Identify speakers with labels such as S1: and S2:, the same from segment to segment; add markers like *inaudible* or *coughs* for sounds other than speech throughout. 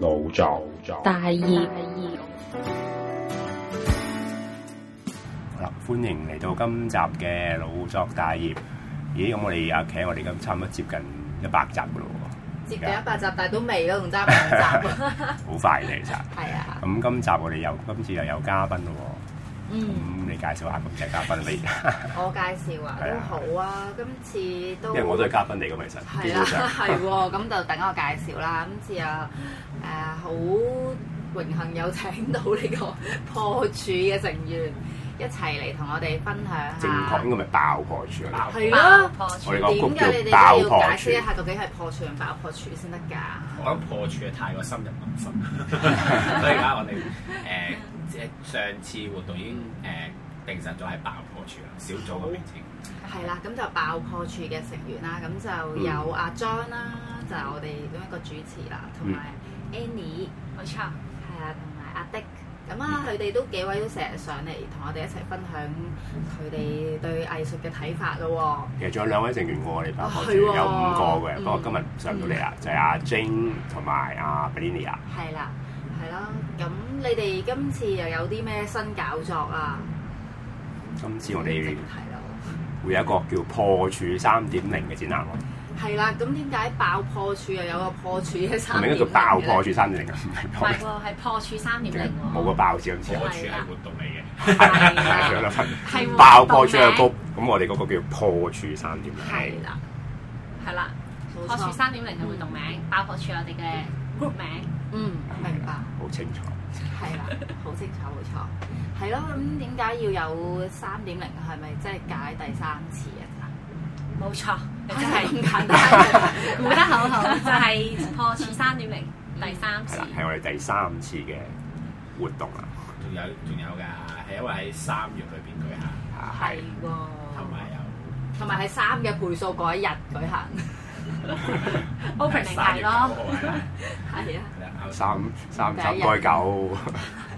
S1: 腦作腦作，大業大業。大業好啦，歡迎嚟到今集嘅腦作大業。咦，咁我哋阿、啊、茄，我哋咁差唔多接近一百集噶咯喎，接近一百集， *laughs* 但
S2: 係都未咯，仲差兩
S1: 集，好 *laughs* *laughs* 快其實。係 *laughs* 啊。咁今集我哋又今次又有嘉賓咯。嗯，你介紹下咁嘅嘉賓嚟。
S2: 我介紹啊，都好啊，今次都因為我都係
S1: 嘉賓嚟㗎嘛，其實。係啊，係
S2: 喎，咁就等我介紹啦。今次啊，誒，好榮幸有請到呢個破處嘅成員一齊嚟同我哋分享下。正確，
S1: 應該咪爆破處啊？係咯，我
S2: 哋點解你哋都要解釋一下究竟係破處定爆破處先得㗎？
S1: 我諗破處係太過深入民心，所以而家我哋誒。上次活動已經誒定實咗喺爆破處啦，小組嘅
S2: 名稱係啦，咁就爆破處嘅成員啦，咁就有阿、啊、John 啦、啊，就係、我哋咁一個主持啦，同埋 Annie，冇錯、嗯，係啊，同埋阿 Dick，咁啊佢哋都幾位都成日上嚟同我哋一齊分享佢哋對藝術嘅睇法咯喎。
S1: 其實仲有兩位成員過我哋爆破處，嗯、有五個嘅，不過、嗯、今日上到嚟啊，就係、係、阿、啊、Jane 同埋、啊、阿 Bianca。
S2: 係啦。係啦，咁你哋今次又有啲咩新搞作啊？
S1: 今次我哋會有一個叫破處三點零嘅展覽咯。
S2: 係啦，咁點解爆破處又有個破處嘅三點名叫爆破處
S1: 三點零啊？唔係
S2: 係破處三點零。冇
S1: 個爆字，今次破處
S2: 係活動嚟嘅 *laughs* 了，爆破處嘅 group
S1: 咁我哋嗰個叫破處三點零係啦，係啦，破處三
S2: 點零活動名，爆破處我哋嘅 group 名。嗯，明白，好清楚，係啦，好清楚，冇錯，係咯，咁點解要有三點零？係咪即係解第三次啊？冇錯，真係咁簡單，唔得口號，就係破處三點零第三次。係我哋
S1: 第三次嘅活動啦。仲有仲有㗎，係因為喺三月裏邊舉行，
S2: 係喎，同埋有，同埋係三嘅倍數嗰一日舉行，opening day 咯，係啊。
S1: 三三十該九，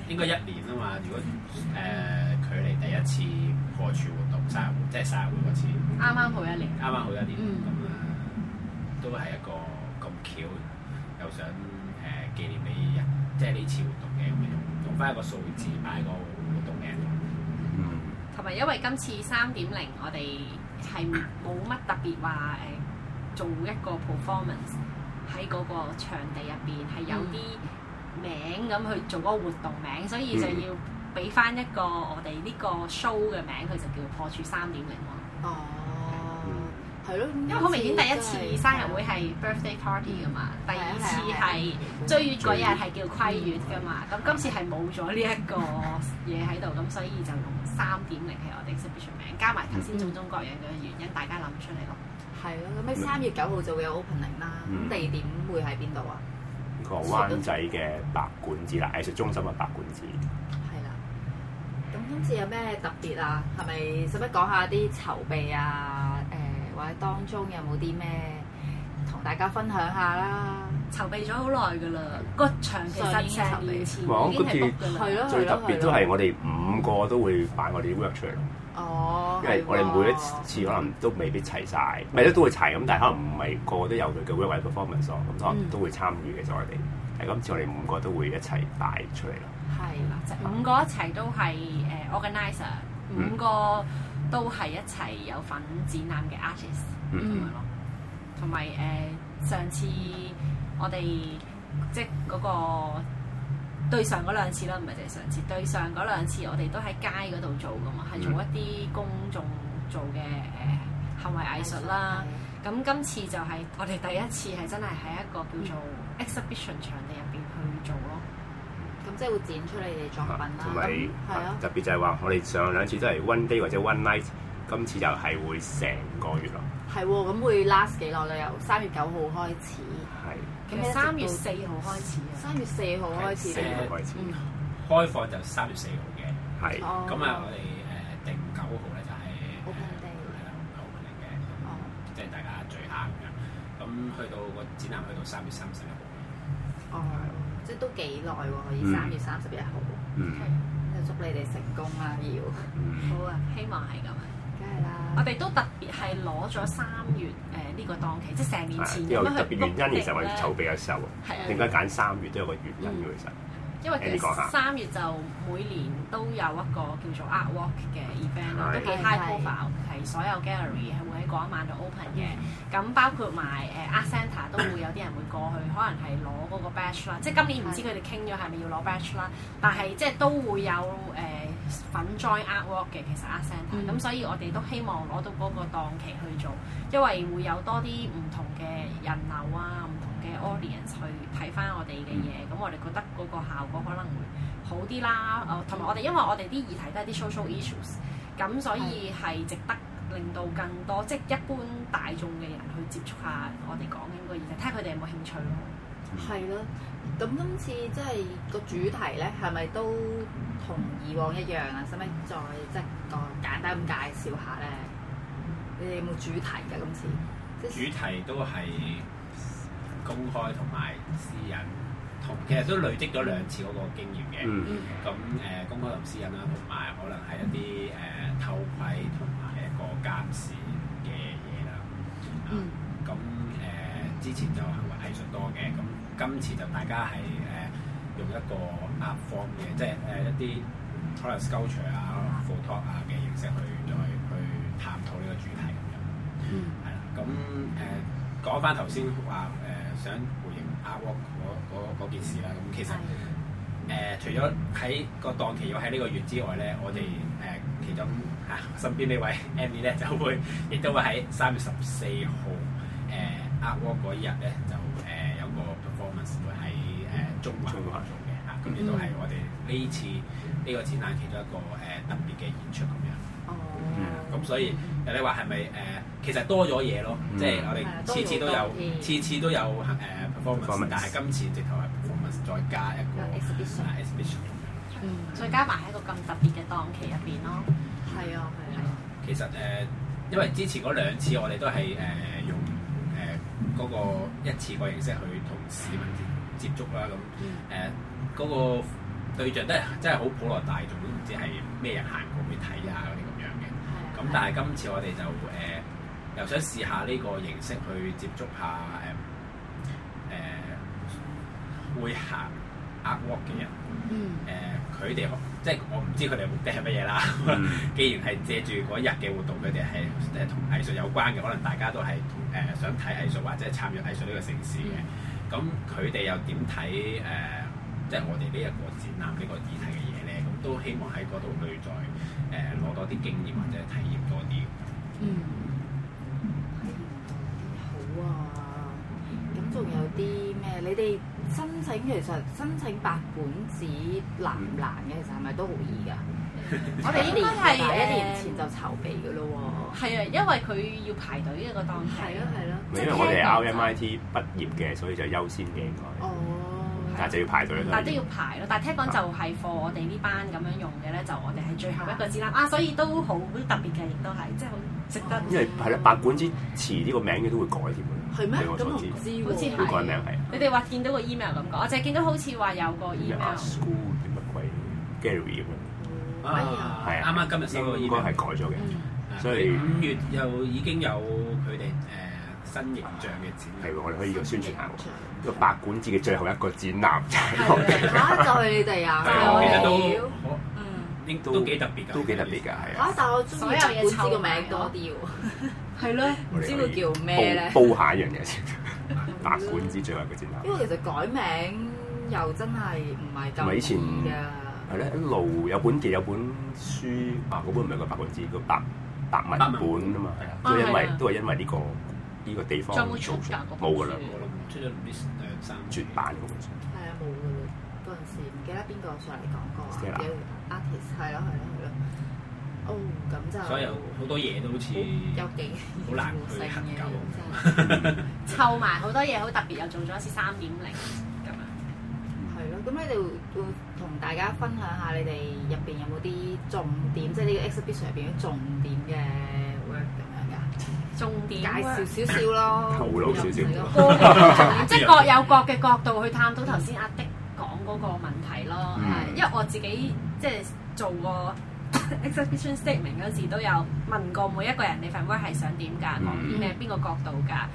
S1: 應該一年啊嘛！如果誒、呃、距離第一次破處活動生日、即係生日會嗰次，啱啱
S2: 好一年，
S1: 啱啱好一年咁啊、嗯，都係一個咁 cute，又想誒紀、呃、念你，人，即係呢次活動嘅活動，用翻一個數字，擺個活動
S2: 名度。嗯。同埋因為今次三點零，我哋係冇乜特別話誒，做一個 performance。喺嗰個場地入邊係有啲名咁去做嗰個活動名，所以就要俾翻一個我哋呢個 show 嘅名，佢就叫破處三點零咯。哦，係咯，因為好明顯第一次生日會係 birthday party 噶嘛，嗯、第二次係追月嗰日係叫虧月噶嘛，咁今、嗯、次係冇咗呢一個嘢喺度，咁 *laughs* 所以就。三點零係我哋 exhibition 名，加埋頭先做中國人嘅原因，大家諗出嚟咯。係咯，咁、嗯、咩三月九號就會有 opening 啦、嗯。咁地點會喺邊度啊？
S1: 個、嗯、到灣仔嘅白館子啦，藝術中心嘅白館子。係啦，
S2: 咁今次有咩特別啊？係咪使唔使講下啲籌備啊？誒、呃，或者當中有冇啲咩同大家分享下啦？籌備咗好耐㗎啦，個場其實已經籌備完，已經係㗎啦。係咯，最特別都係我
S1: 哋五個都會擺我哋 work 出嚟咯。哦，因為我哋每一次可能都未必齊晒，咪咧都會齊咁，但係可能唔係個個都有佢嘅 work 或者 performance 咁，可能都會參與嘅。就我哋係今次我哋五個都會一齊擺出嚟咯。
S2: 係啦，即五個一齊都係誒 organizer，五個都係一齊有份展覽嘅 artist 咁樣咯，同埋誒上次。我哋即係、那、嗰個對上嗰兩次啦，唔係淨係上次對上嗰兩次，我哋都喺街嗰度做噶嘛，係做一啲公眾做嘅行為藝術啦。咁、嗯、今次就係我哋第一次係真係喺一個、嗯、叫做 exhibition 場地入邊去做咯。咁即係會展出你哋作品啦。同埋。那啊特
S1: 別就係話，我哋上兩次都係 one day 或者 one night，今次就係會成個月咯。
S2: 係喎、啊，咁會 last 幾耐咧？由三月九號開始。三月四號開始啊！三
S1: 月四號開始，四號開始，嗯，開放就三月四號嘅，係，咁啊，我哋誒定九號咧就係，好確定，係啦，嘅，哦，即係大家聚下咁樣，咁去到嗰展覽去到三月三十一號哦，
S2: 即係都幾耐喎，可以三月三十一號，嗯，咁祝你哋成功啦，要，好啊，希望係咁。我哋都特別係攞咗三月誒呢、呃這個檔期，即係成年前嘅。咁係為樣原因，其實我哋籌備
S1: 嘅時候，點解揀三月都有個原因其實，嗯、
S2: 因為其實三月就每年都有一個叫做 Art Walk 嘅 event 的都幾 high profile，係所有 gallery 喺嗰一晚就 open 嘅。咁的包括埋誒 Art Centre 都會有啲人會過去， *coughs* 可能係攞嗰個 batch 啦。即係今年唔知佢哋傾咗係咪要攞 batch 啦，但係即係都會有誒。呃呃呃呃呃呃粉 j at work 嘅其實 a s c e n t 咁所以我哋都希望攞到嗰個檔期去做，因為會有多啲唔同嘅人流啊，唔同嘅 audience 去睇翻我哋嘅嘢，咁、嗯、我哋覺得嗰個效果可能會好啲啦。同埋、嗯、我哋因為我哋啲議題都係啲 social issues，咁所以係值得令到更多即係、嗯、一般大眾嘅人去接觸下我哋講緊個議題，睇下佢哋有冇興趣咯。係咯、嗯。咁今次即係個主題咧，係咪都同以往一樣啊？使唔使再即係講簡單咁介紹下咧？你哋有冇主題噶今次？
S1: 即主題都係公開同埋私隱，同其實都累積咗兩次嗰個經驗嘅。嗯咁誒、呃，公開同私隱啦，同埋可能係一啲誒、呃、偷窺同埋一個監視嘅嘢啦。嗯。咁誒、嗯呃，之前就行為藝術多嘅咁。今次就大家係誒用一個 Art Form 嘅，即係誒一啲 Collage Sculpture 啊、Photograph 啊嘅形式去再去探討呢個主題咁樣嗯。係啦、嗯，咁誒講翻頭先話誒想回應 Artwork 嗰嗰件事啦，咁其實誒、呃、除咗喺個檔期要喺呢個月之外咧，我哋誒、呃、其中啊身邊呢位 Amy 咧就會亦都會喺三月十四號誒 Artwork 嗰一日咧就。中環做嘅嚇，咁亦都係我哋呢次呢個展覽其中一個誒特別嘅演出咁樣。哦。咁所以你話係咪誒？其實多咗嘢咯，即係我哋次次都有，次次都有誒 performance，但係今次直頭係 performance 再加一個 exhibition，exhibition。咁嗯，再加埋喺一個咁特別嘅檔期
S2: 入邊咯。
S1: 係啊，係啊。其實誒，因為之前嗰兩次我哋都係誒用誒嗰個一次過形式去同市民接觸啦，咁誒嗰個對象都係真係好普羅大眾，都唔知係咩人行過去睇啊嗰啲咁樣嘅。咁但係今次我哋就誒、呃、又想試下呢個形式去接觸下誒誒、呃呃、會行 art walk 嘅人。誒佢哋即係我唔知佢哋目的係乜嘢啦。嗯、 *laughs* 既然係借住嗰日嘅活動，佢哋係誒同藝術有關嘅，可能大家都係誒、呃、想睇藝術或者參與藝術呢個城市嘅。嗯。咁佢哋又點睇誒，即係我哋呢一個展覽呢、這個、個議題嘅嘢咧？咁都希望喺嗰度去再誒攞多啲經驗或者體驗多啲、嗯。嗯，
S2: 體驗多啲好啊！咁仲有啲咩？你哋申請其實申請白本紙難唔難嘅？其實係咪都好易㗎？我哋呢啲係一年前就籌備嘅咯喎。係啊，因為佢要排隊一個檔期。係咯係咯。即係因為我
S1: 哋 RMIT 畢業嘅，所以就優先嘅應該。哦。但係就要排隊。但係都要
S2: 排咯。但係聽講就係 for 我哋呢班咁樣用嘅咧，就我哋係最後一個字啦。啊，所以都好好特別嘅，亦都係即係好值得。因為係咯，
S1: 八館之詞呢個名嘅都會改添嘅。係咩？我都唔知知會改名係。
S2: 你哋話見到個 email 咁講，我就見到好似話有個 email。
S1: School 啲乜鬼 Gallery 係啊，啱啱今日先應該係改咗嘅，所以五月又已經有佢哋誒新形象嘅展覽，我哋可以個宣傳下喎，呢個白管子嘅最後一個展覽嚇，就係
S2: 你哋啊，都
S1: 嗯都幾特別，都幾特別㗎係啊，嚇，
S2: 但我中意管子個名多啲喎，係咯，唔知佢叫咩咧，煲下
S1: 一樣嘢先，白管子最後一個展覽，因為其
S2: 實改名又真係唔係咁易㗎。
S1: 係咧，一路有本記有本書，啊，本唔係個白本子，個白白文本啊嘛，啊都因為、啊啊、都係因為呢、呢個呢、呢個地方冇㗎啦，冇出咗兩三絕版嘅喎。係啊，冇㗎啦，嗰陣時唔記得邊個上嚟
S2: 講過，Artist？係咯係咯係咯。哦、oh，咁就所以好
S1: 多嘢都好似好 *laughs*
S2: 難去研究，湊埋 *laughs* 走好、 *laughs* 就是、多嘢好特別，又做咗一次三點零。咁咧就會同大家分享下，你哋入邊有冇啲重點，即係呢個 exhibition 入邊啲重點嘅 work 咁樣噶。重點、啊、介紹
S1: 少少咯，頭腦少少即係各
S2: 有各嘅角度去探討頭先阿的講嗰個問題咯。嗯、因為我自己、嗯、即係做過 *laughs* exhibition statement 嗰時，都有問過每一個人，你份 work 係想點㗎？講啲咩邊個角度㗎？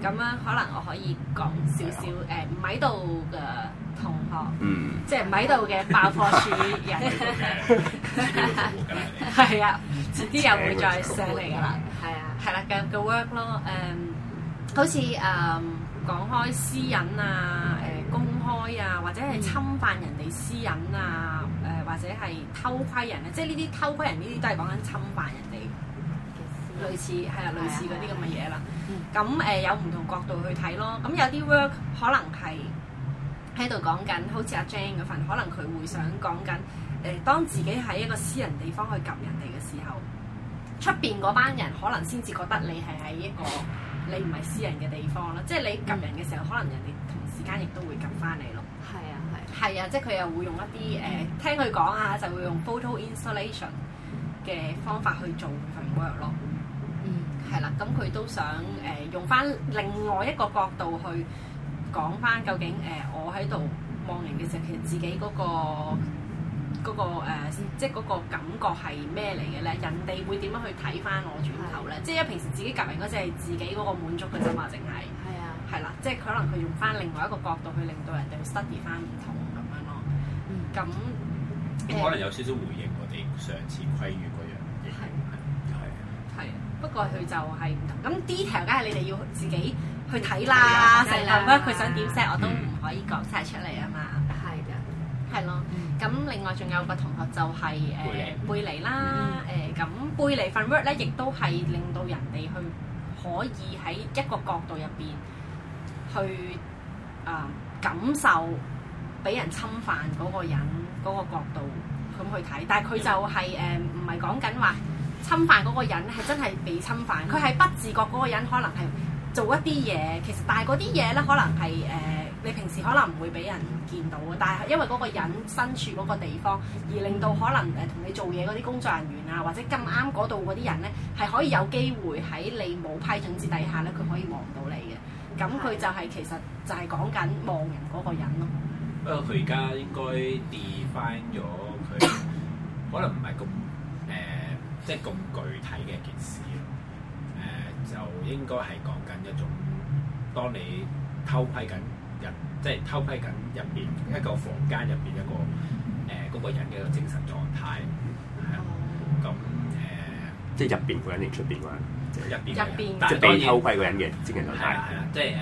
S2: 咁樣、嗯嗯、可能我可以講少少誒，唔喺度嘅。呃同學，即係唔喺度嘅爆破處人，係啊 *laughs* 來的，遲啲 *laughs* *laughs* *laughs* 又會再上嚟噶啦，係 *laughs* 啊，係啦、啊，嘅嘅 work 咯，誒、啊，好似誒講開私隱啊，誒、呃、公開啊，或者係侵犯人哋私隱啊，誒、呃、或者係偷窺人啊，即係呢啲偷窺人呢啲都係講緊侵犯人哋， *laughs* 類似係啊，類似嗰啲咁嘅嘢啦。咁誒有唔同角度去睇咯。咁有啲 work 可能係。類似 喺度講緊，好似阿 Jane 嗰份，可能佢會想講緊誒，當自己喺一個私人地方去撳人哋嘅時候，出邊嗰班人可能先至覺得你係喺一個你唔係私人嘅地方啦。即係你撳人嘅時候，嗯、可能人哋同時間亦都會撳翻你咯。係啊，係、啊。係啊，即係佢又會用一啲誒、呃，聽佢講啊，就會用 photo installation 嘅方法去做佢份 work 咯。嗯，係啦、啊，咁佢都想誒、呃、用翻另外一個角度去。講翻究竟誒，我喺度望人嘅時候，其實自己嗰個、嗰個、呃、即係嗰個感覺係咩嚟嘅咧？人哋會點樣去睇翻我轉頭咧？嗯、即係平時自己夾人嗰陣係自己嗰個滿足嘅啫嘛，淨係係啊，係啦嗎，即係可能佢用翻另外一個角度去令到人哋失意 u 翻唔同咁樣咯。咁、嗯嗯嗯、可能
S1: 有少少回應我哋上次規矩嗰樣，
S2: 係係係。不過佢就係唔同。咁 detail 梗係你哋要自己。去睇啦，成日，不過佢想點 set、嗯、我都唔可以講曬出嚟啊嘛。係啊，係咯。咁另外仲有個同學就係誒貝尼啦，誒咁貝尼份 work 咧，亦都係令到人哋去可以喺一個角度入邊去啊、呃、感受俾人侵犯嗰個人嗰個角度咁去睇，但係佢就係誒唔係講緊話侵犯嗰個人係真係被侵犯，佢係不自覺嗰個人可能係。做一啲嘢，其實但係嗰啲嘢咧，可能係誒、呃、你平時可能唔會俾人見到嘅，但係因為嗰個人身處嗰個地方，而令到可能誒同你做嘢嗰啲工作人員啊，或者咁啱嗰度嗰啲人咧，係可以有機會喺你冇批准之底下咧，佢可以望到你嘅。咁佢就係、是嗯、其實就係講緊望人嗰個人咯。
S1: 不過佢而家應該 define 咗佢，可能唔係咁誒即係咁具體嘅一件事。就應該係講緊一種，當你偷窺緊人，即係偷窺緊入邊一個房間入邊一個誒嗰、呃那個人嘅一個精神狀態。哦。咁誒。呃、即係入邊嗰個人定出邊嗰人？入邊。入邊面。是即係當你偷窺嗰人嘅精神狀態。係啦，係啦，即係誒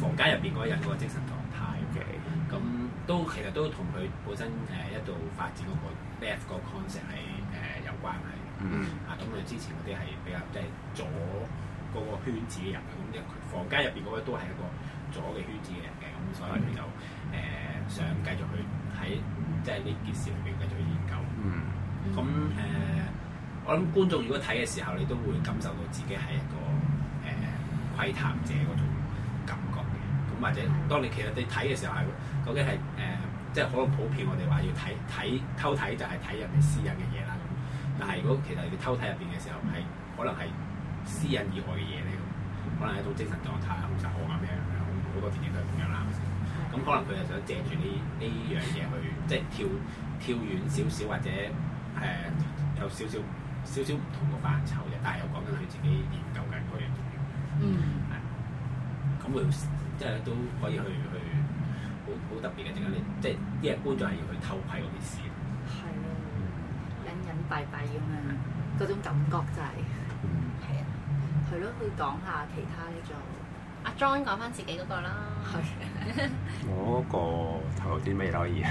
S1: 房間入邊嗰人嗰個精神狀態嘅。咁 Okay. 都其實都同佢本身誒一度發展嗰、那個 death、那個 concept 係誒、呃、有關係。嗯。啊，咁佢之前嗰啲係比較即係左。嗰個圈子嘅人嘅，咁一房間入邊嗰個都係一個左嘅圈子嘅人嘅，咁、嗯、所以佢就誒、呃、想繼續去喺即係呢件事裏邊繼續去研究。嗯。咁誒、呃，我諗觀眾如果睇嘅時候，你都會感受到自己係一個誒窺、呃、探者嗰種感覺嘅。咁或者當你其實你睇嘅時候係究竟係誒、呃，即係可能普遍我哋話要睇睇偷睇就係睇人哋私隱嘅嘢啦。咁，但係如果其實你偷睇入邊嘅時候係、嗯、可能係。私隱以外嘅嘢咧，可能係一種精神狀態啊、紅茶行咁樣，好多電影都係咁樣啦。咁是的 可能佢係想借住呢呢樣嘢去， *laughs* 即係跳跳遠少少或者誒、呃、有少少少少唔同嘅範疇嘅，但係又講緊佢自己研究緊佢嘅嘢。嗯。係。咁佢即係都可以去去好好特別嘅，而家你即係觀眾就係要去偷睇嗰啲事，係咯，隱隱蔽蔽咁啊，嗰種
S2: 感覺就係、是。係咯，
S1: 佢講下其他呢就阿 John 講翻自己嗰個啦。我嗰個頭先咩可以？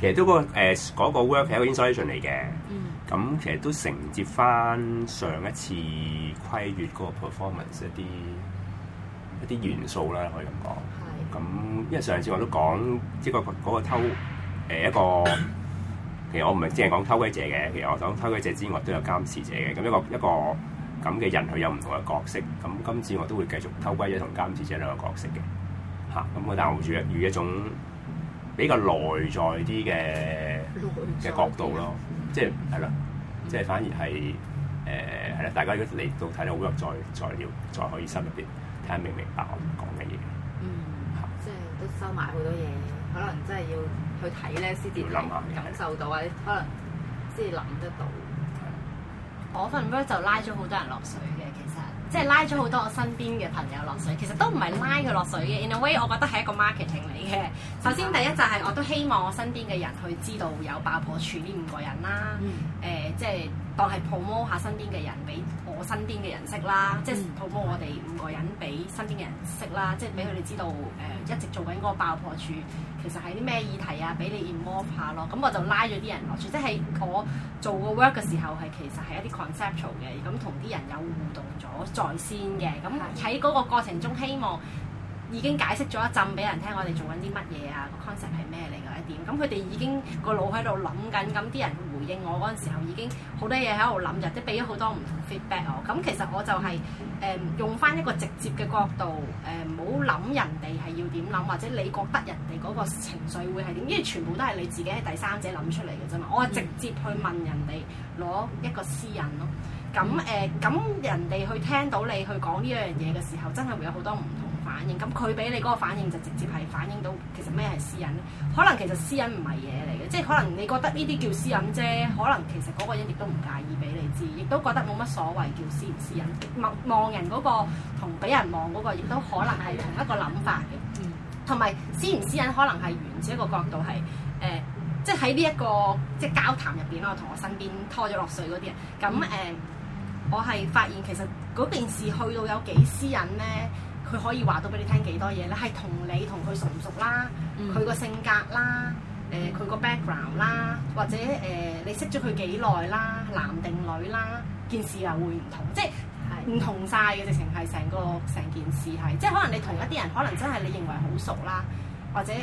S1: 其實都、那個誒嗰、呃那個、work 係一個 installation 嚟嘅。咁、嗯嗯、其實都承接翻上一次規越嗰個 performance 一啲一啲元素啦，可以咁講。咁是因為上次我都講即個嗰、那個偷誒、呃、一個，其實我唔係淨係講偷窺者嘅，其實我想偷窺者之外都有監視者嘅。咁一個一個。一個咁嘅人佢有唔同嘅角色，咁今次我都會繼續偷窺者同監視者兩個角色嘅，嚇、嗯、咁我留住遇一種比較內在啲嘅嘅角度咯，嗯、即係係咯，即係、嗯、反而係誒係啦，大家如果嚟到睇咧，好入，再再要再可以深入啲睇下明唔明白我講嘅嘢，嗯，對即係都收埋好多嘢，可能真係要去睇
S2: 咧先至會諗下。感受到啊，的可能先諗得到。我份 work 就拉咗好多人落水嘅，其實，即係拉咗好多我身邊嘅朋友落水，其實都唔係拉佢落水嘅。 *laughs* In a way，我覺得係一個 marketing 嚟嘅。首先第一就係我都希望我身邊嘅人去知道有爆破處呢五個人啦、啊，誒、嗯，即係、呃就是、當係 promote 下身邊嘅人俾。我身邊嘅人識啦，即係透過我哋五個人俾身邊嘅人識啦，嗯、即係俾佢哋知道誒、呃、一直做緊嗰個爆破處其實係啲咩議題啊，俾你 inform 下咯。咁我就拉咗啲人落去，即係我做個 work 嘅時候係其實係一啲 conceptual 嘅，咁同啲人有互動咗在先嘅，咁喺嗰個過程中希望。已經解釋咗一陣俾人聽，我哋做緊啲乜嘢啊？個 concept 係咩嚟嘅一點咁，佢哋已經個腦喺度諗緊，咁啲人回應我嗰陣時候已經好多嘢喺度諗，或者俾咗好多唔同 feedback 我。咁其實我就係、是、誒、呃、用翻一個直接嘅角度誒，唔好諗人哋係要點諗，或者你覺得人哋嗰個情緒會係點，因為全部都係你自己係第三者諗出嚟嘅啫嘛。我係直接去問人哋攞一個私隱咯。咁誒，咁、呃、人哋去聽到你去講呢一樣嘢嘅時候，真係會有好多唔同反應，咁佢俾你嗰個反應就直接係反映到其實咩係私隱咧？可能其實私隱唔係嘢嚟嘅，即係可能你覺得呢啲叫私隱啫。可能其實嗰個人亦都唔介意俾你知，亦都覺得冇乜所謂叫私唔私隱。望望人嗰個同俾人望嗰個，亦、嗰個、都可能係同一個諗法嘅。同埋、嗯、私唔私隱可能係源自一個角度係誒、呃，即係喺呢一個即係交談入邊咯，同我，我身邊拖咗落水嗰啲人。咁誒，呃嗯、我係發現其實嗰件事去到有幾私隱咧？佢可以話到俾你聽幾多嘢咧？係同你同佢熟唔熟啦，佢個性格啦，誒、呃、佢、呃、個 background 啦，或者誒你識咗佢幾耐啦，男定女啦，件事又會唔同，即係唔同晒嘅，直情係成個成件事係，即係可能你同一啲人可能真係你認為好熟啦，或者誒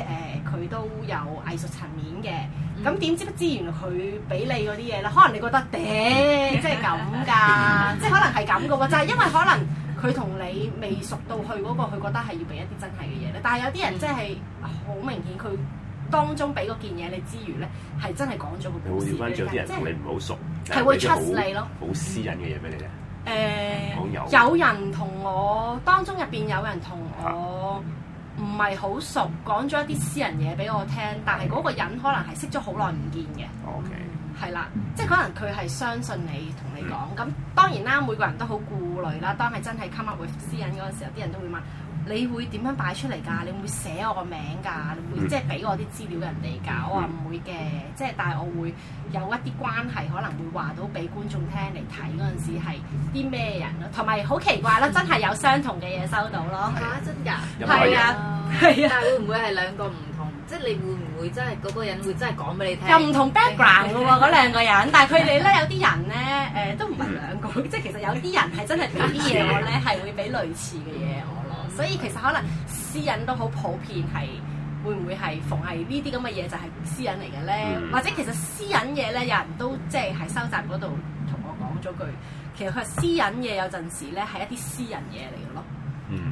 S2: 佢都有藝術層面嘅，咁點知不知原來佢俾你嗰啲嘢咧？可能你覺得，頂、呃，就係、 *laughs* 即係咁㗎，即係可能係咁嘅喎，就係、係、因為可能。佢同你未熟到去嗰個，佢覺得係要俾一啲真係嘅嘢咧。但係有啲人即係好明顯，佢當中俾嗰件嘢你之餘咧，係真係講咗個。係會結翻住啲人同你
S1: 唔好熟，係、就是、會出 r 你咯，好私隱嘅嘢俾你嘅。
S2: 誒、呃，有，有人同我當中入邊有人同我唔係好熟，講咗一啲私人嘢俾我聽，但係嗰個人可能係識咗好耐唔見嘅。Okay. 係啦，即係可能佢係相信你同你講，咁當然啦，每個人都好顧慮啦。當係真係 cover 私隱嗰陣時候，啲人都會問：你會點樣擺出嚟㗎？你會寫我個名㗎？你會即係俾我啲資料人哋㗎？我話唔會嘅，即係但係我會有一啲關係，可能會話到俾觀眾聽嚟睇嗰陣時係啲咩人咯，同埋好奇怪啦，真係有相同嘅嘢收到咯嚇真㗎，係啊係啊，會唔會係兩個唔？即係你會唔會真係嗰個人會真係講俾你聽？又唔同 background 嘅喎，嗰 *laughs* 兩個人，但係佢哋咧有啲人咧，誒、呃、都唔係兩個，即係其實有啲人係真係俾啲嘢我咧係會俾類似嘅嘢我咯，所以其實可能私隱都好普遍係，會唔會係逢係呢啲咁嘅嘢就係私隱嚟嘅咧？嗯、或者其實私隱嘢咧，有人都即係喺收集嗰度同我講咗句，其實佢係私隱嘢有陣時咧係一啲私人嘢嚟嘅咯。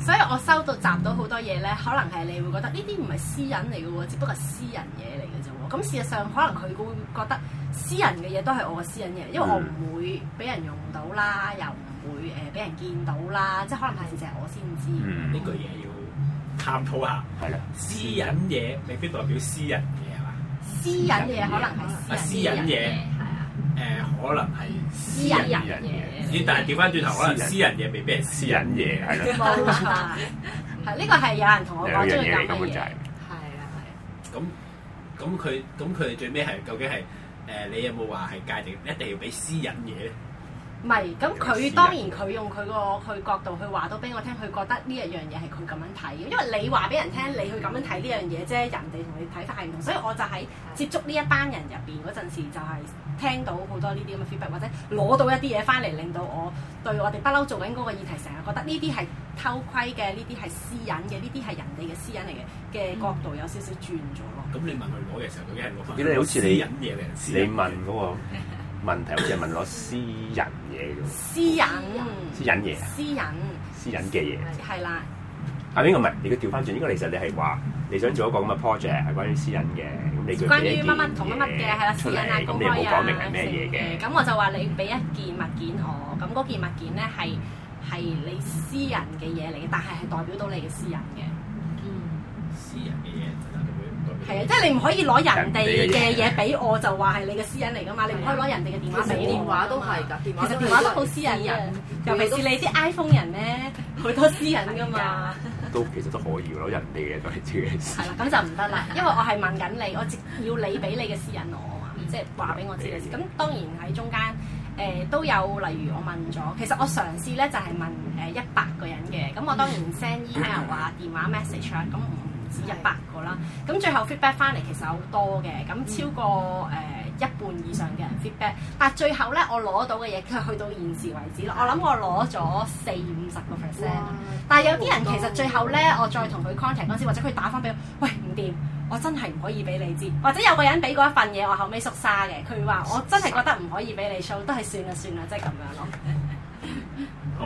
S2: 所以我收到集到好多嘢咧，可能係你會覺得呢啲唔係私隱嚟嘅喎，只不過係私人嘢嚟嘅啫喎。咁事實上可能佢會覺得私人嘅嘢都係我嘅私隱嘢，因為我唔會俾人用到啦，又唔會誒俾人見到啦。即係可能係淨我先知。
S1: 嗯，呢句嘢要探討下。係啦，私隱嘢未必代表
S2: 私人嘢係嘛？私隱嘢可能係私隱嘢。wire 誒可能係私人嘢，
S1: 咦？但係調翻轉頭，可能私人嘢未必係私隱嘢，係啦。冇錯，
S2: 呢個係有人同我講嘅嘢，根本就係。係
S1: 啊係咁咁佢咁佢哋最尾係究竟係誒、呃？你有冇話係界定一定要俾私隱嘢？
S2: 唔係，咁佢當然佢用佢個佢角度去話到俾我聽，佢覺得呢一樣嘢係佢咁樣睇，因為你話俾人聽，你去咁樣睇呢樣嘢啫，人哋同你睇法係唔同，所以我就喺接觸呢一班人入邊嗰陣時，就係聽到好多呢啲咁嘅 feedback，或者攞到一啲嘢翻嚟，令到我對我哋不嬲做緊嗰個議題，成日覺得呢啲係偷窺嘅，呢啲係私隱嘅，呢啲係人哋嘅私隱嚟嘅嘅角度有少少轉咗咯。咁你問
S1: 佢攞嘅時候，佢已經係攞翻。咁、啊、你好似你你問嗰、嗰個。 *laughs* *laughs* 問題好似係問攞私人嘢咁。
S2: 私隱，私隱嘢。私隱，私隱嘅嘢。係
S1: 啦。啊邊個唔係？如果調翻轉，應該其實你係話你想做一個咁嘅 project 係關於私隱嘅，咁你叫
S2: 佢一件嘢出嚟。咁你又冇講明係咩嘢嘅？咁我就話你俾一件物件我，咁嗰件物件咧係係你私人嘅嘢嚟，但係係代表到你嘅私隱嘅。係啊，即係你唔可以攞人哋嘅嘢俾我就，就話係你嘅私隱嚟噶嘛？你唔可以攞人哋嘅電話俾我，電話都係㗎，電話其實電話都好私隱嘅，尤其是你啲 iPhone 人咧，好多私隱噶嘛。的 *laughs*
S1: 都其實都可以攞人哋嘅都係自己係係啦，
S2: 咁 *laughs* 就唔得啦，因為我係問緊你，我只要你俾你嘅私隱我啊嘛，即係話俾我知嘅。咁 *laughs* 當然喺中間誒、呃、都有，例如我問咗，其實我嘗試咧就係問誒一百個人嘅，咁我當然 send email 啊、電話 message 啊，咁、嗯嗯嗯一百對個啦，咁最後 feedback 翻嚟其實好多嘅，咁超過誒、嗯呃、一半以上嘅人 feedback，、嗯、但係最後咧我攞到嘅嘢，佢去到現時為止對我我4，啦，我諗我攞咗四五十個 percent，但係有啲人其實最後咧，我再同佢 contact 嗰時，或者佢打翻俾我，喂唔掂，我真係唔可以俾你知，或者有個人俾過一份嘢，我後尾縮沙嘅，佢話我真係覺得唔可以俾你 show，都係算啦算、就是、啦，即係咁樣咯。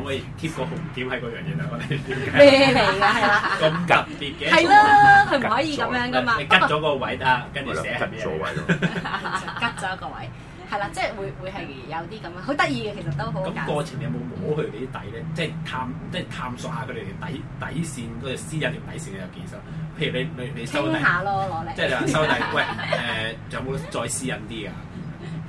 S1: 可以 keep 個紅點喺嗰樣嘢度，未未㗎係啦，咁特別嘅，係啦，佢唔可以咁樣噶 *laughs* *laughs* 嘛。了你吉咗個位，啊了，跟住寫。特別嘅位咯，吉咗 *laughs* 個位，係
S2: 啦，即係會會係有啲咁樣，好得意嘅，其實都好。咁過
S1: 程有冇摸佢哋啲底咧？即、就、係、是、探，即係探索下佢哋嘅底底、底線，嗰度私隱條底線嘅有技術。譬如你你你收底下咯，攞嚟，
S2: 即係話收底骨誒， *laughs* 喂
S1: 呃、有冇再私隱啲啊？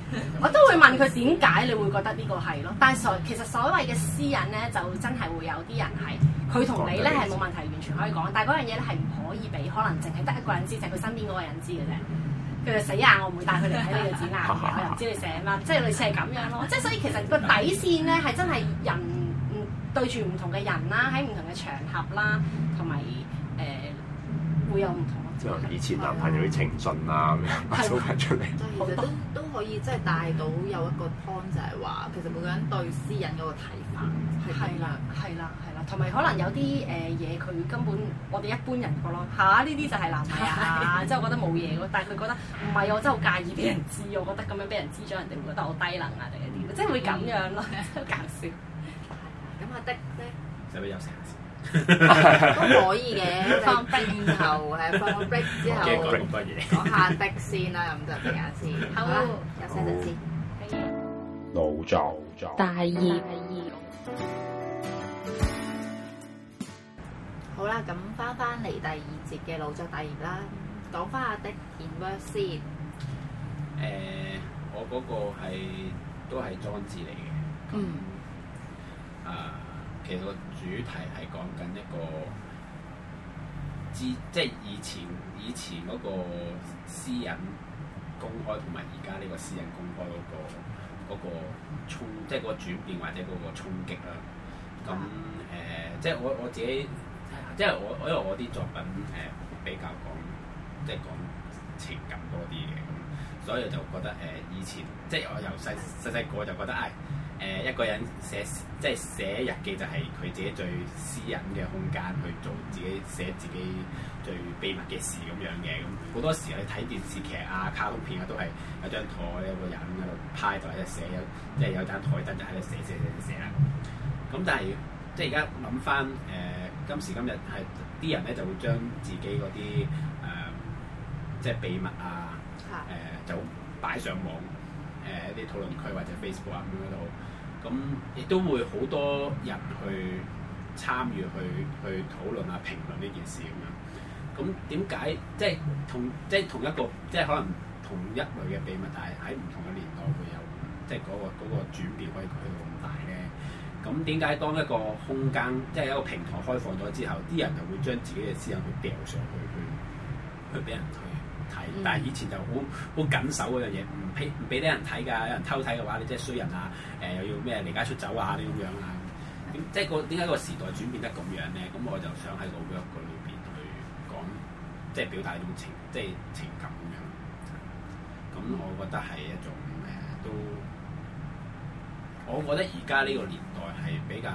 S2: *laughs* 我都會問佢點解你會覺得呢個係咯？但所其實所謂嘅私隱咧，就真係會有啲人係佢同你咧係冇問題，完全可以講。但嗰樣嘢咧係唔可以俾，可能淨係得一個人知，就佢身邊嗰個人知嘅啫。佢就死啊，我唔會帶佢嚟睇呢個展覽啊！ *laughs* *laughs* 我又唔知你寫乜，即係類似係咁樣咯。即係所以其實個底線咧，係真係人對住唔同嘅人啦，喺唔同嘅場合啦，同埋誒會有唔同。
S1: 即係以前男朋友啲情信啊咁樣，擺咗出嚟。即
S2: 係的都多都可以，即係帶到有一個 tone，就係話其實每個人對私隱嗰個睇法係啦，係啦，係啦，同埋可能有啲誒嘢佢根本我哋一般人個咯吓，呢啲就係男朋友。即係我覺得冇嘢咯，但係佢覺得唔係，我真係好介意俾人知，我覺得咁樣俾人知咗，人哋會覺得我低能啊定一啲，即係會咁樣咯，好的、嗯、搞笑。咁啊的咧，使
S1: 唔使飲 *laughs* 都可以嘅，放 break 係放個 break 之後，講下 break 先
S2: 啦，咁就嚟下先，
S1: 好，有聲就先，好嘅。腦作
S2: 腦作，第二第二。好啦，咁翻翻嚟第二節嘅腦作大業啦，講翻阿的 keywords 先。誒、
S1: 呃，我嗰個係都係裝置嚟嘅。嗯。啊。
S2: Uh,
S1: 其實個主題係講緊一個之，即係以前，以前嗰個私隱公開同埋而家呢個私隱公開嗰個，嗰個衝，即係嗰個轉變或者嗰個衝擊啦。咁誒，即係我我，自己即係我，我因為我啲作品誒，比較講，即係講情感多啲嘅，咁所以就覺得誒，以前，即係我由細細細個就覺得唉。誒、呃、一個人寫即係、就是、寫日記，就係佢自己最私隱嘅空間，去做自己寫自己最秘密嘅事咁樣嘅。咁好多時你睇電視劇啊、卡通片啊，都係有張台，有個人喺度趴喺度喺度寫，有即係、就是、有盞台燈就喺度寫寫寫寫啊。咁但係即係而家諗翻誒今時今日係啲人咧就會將自己嗰啲誒即係秘密啊誒、呃、就擺上網誒一啲討論區或者 Facebook 啊咁樣度。咁亦都會好多人去參與去去討論啊、評論呢件事咁樣。咁點解即係同即係同一個即係可能同一類嘅秘密，但係喺唔同嘅年代會有即係嗰個嗰個轉變可以去到咁大咧？咁點解當一個空間即係一個平台開放咗之後，啲人就會將自己嘅私隱去掉上去去去俾人去？推但係以前就好好緊守嗰樣嘢，唔俾俾啲人睇㗎，有人偷睇嘅話，你即係衰人啊！誒、呃、又要咩離家出走啊？啲咁、嗯、樣啊，即係個點解個時代轉變得咁樣咧？咁、嗯、我就想喺 workbook 個裏邊去講，即係表達一種情，即係情感咁樣。咁、嗯嗯、我覺得係一種誒、呃，都我覺得而家呢個年代係比較，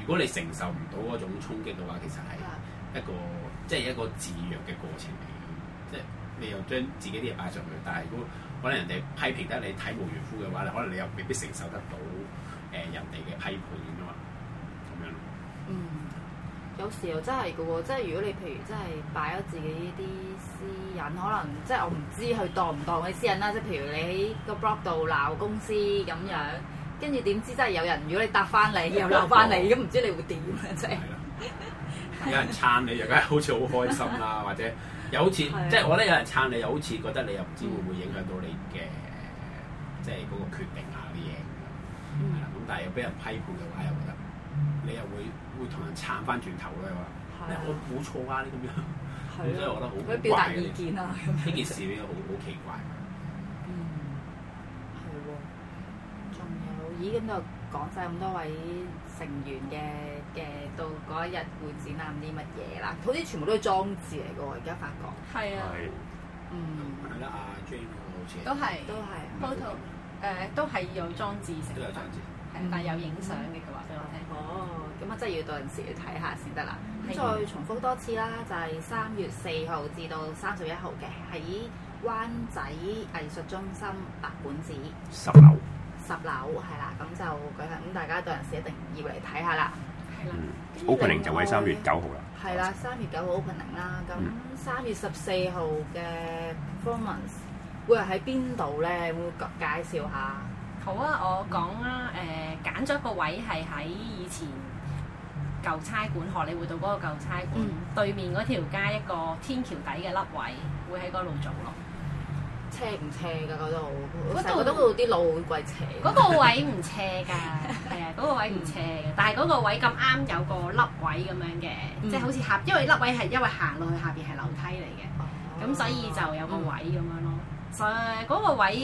S1: 如果你承受唔到嗰種衝擊嘅話，其實係一個即係一,一個自虐嘅過程嚟。你又將自己啲嘢擺上去，但係如果可能人哋批評得你體無完膚嘅話，可能你又未必承受得到誒、呃、人哋嘅批判啊嘛，咁樣。嗯，
S2: 有時候真係嘅喎，即係如果你譬如真係擺咗自己啲私隱，可能即係我唔知佢當唔當你私隱啦。即係譬如你喺個 blog 度鬧公司咁樣，跟住點知真係有人如果你答翻你，又鬧翻你，咁唔 *laughs* 知你會點。即係
S1: 有人撐你，又梗係好似好開心啊，或者？又好似的即係我覺得有人撐你，又好似覺得你又唔知會唔會影響到你嘅即係嗰個決定啊啲嘢，係啦。咁、嗯嗯、但係又俾人批判嘅話，又覺得你又會會同人撐翻轉頭咯，又話我冇的錯啊啲咁樣。咁的 *laughs* 所以我覺得好古怪。咁樣呢件事比較好好奇怪。嗯，係喎，仲有咦
S2: 咁又？講曬咁多位成員嘅嘅到嗰一日會展覽啲乜嘢啦？好啲全部都係裝置嚟嘅喎，而家發覺。係啊。係。嗯。係啦，阿 James 好似。都係，都係。好多誒，都係有裝置成。都有裝置。但係有影相嘅我啊！哦，咁啊，真係要到陣時要睇下先得啦。咁再重複多次啦，就係三月四號至到三十一號嘅喺灣仔藝術中心白本子十樓。十樓係啦，咁就。大家多人時一定要嚟睇下啦。嗯，opening 就喺三
S1: 月九號啦。
S2: 係啦，三月九號 opening 啦。咁三月十四號嘅 performance 會喺邊度咧？會介紹下。好啊，我講啦。誒、嗯，揀咗、呃、個位係喺以前舊差館荷李活道嗰個舊差館、嗯、對面嗰條街一個天橋底嘅凹位，會喺嗰度做咯。斜唔斜㗎嗰度？裡我都覺得嗰度啲路好鬼斜。嗰個位唔斜㗎，係啊， *laughs* 嗰、嗰個位唔斜嘅，但係嗰個位咁啱有個凹位咁樣嘅，即係、嗯、好似下，因為凹位係因為行落去下邊係樓梯嚟嘅，咁、哦、所以就有個位咁樣咯。嗯、所以嗰個位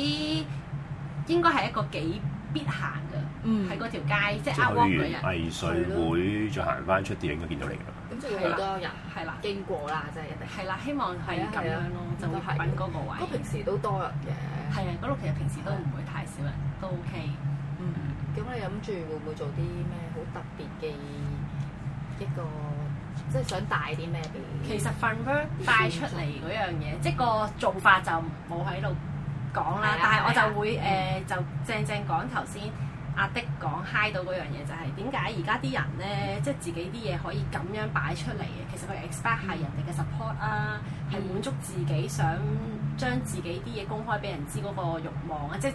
S2: 應該係一個幾必行嘅，喺嗰、嗯、條街，嗯、即係去完藝穗會
S1: 再行翻出嚟應該見到你㗎。
S2: 最多人，係啦，經過啦就係，係啦，希望係咁樣咯，就會喺嗰個位。不過平時都多人嘅，係啊，嗰度其實平時都唔會太少人，都 OK。嗯，咁你諗住會唔會做啲咩好特別嘅一個，即係想帶啲咩畀你？其實份 work 帶出嚟嗰樣嘢，即係個做法就冇喺度講啦，但係我就會誒就正正講頭先。阿的講，嗨到嗰樣嘢就係點解而家啲人咧？即係自己啲嘢可以咁樣擺出嚟嘅，其實佢 expect 係人哋嘅 support 啊，係滿、嗯、足自己想將自己啲嘢公開俾人知嗰個慾望啊，即係。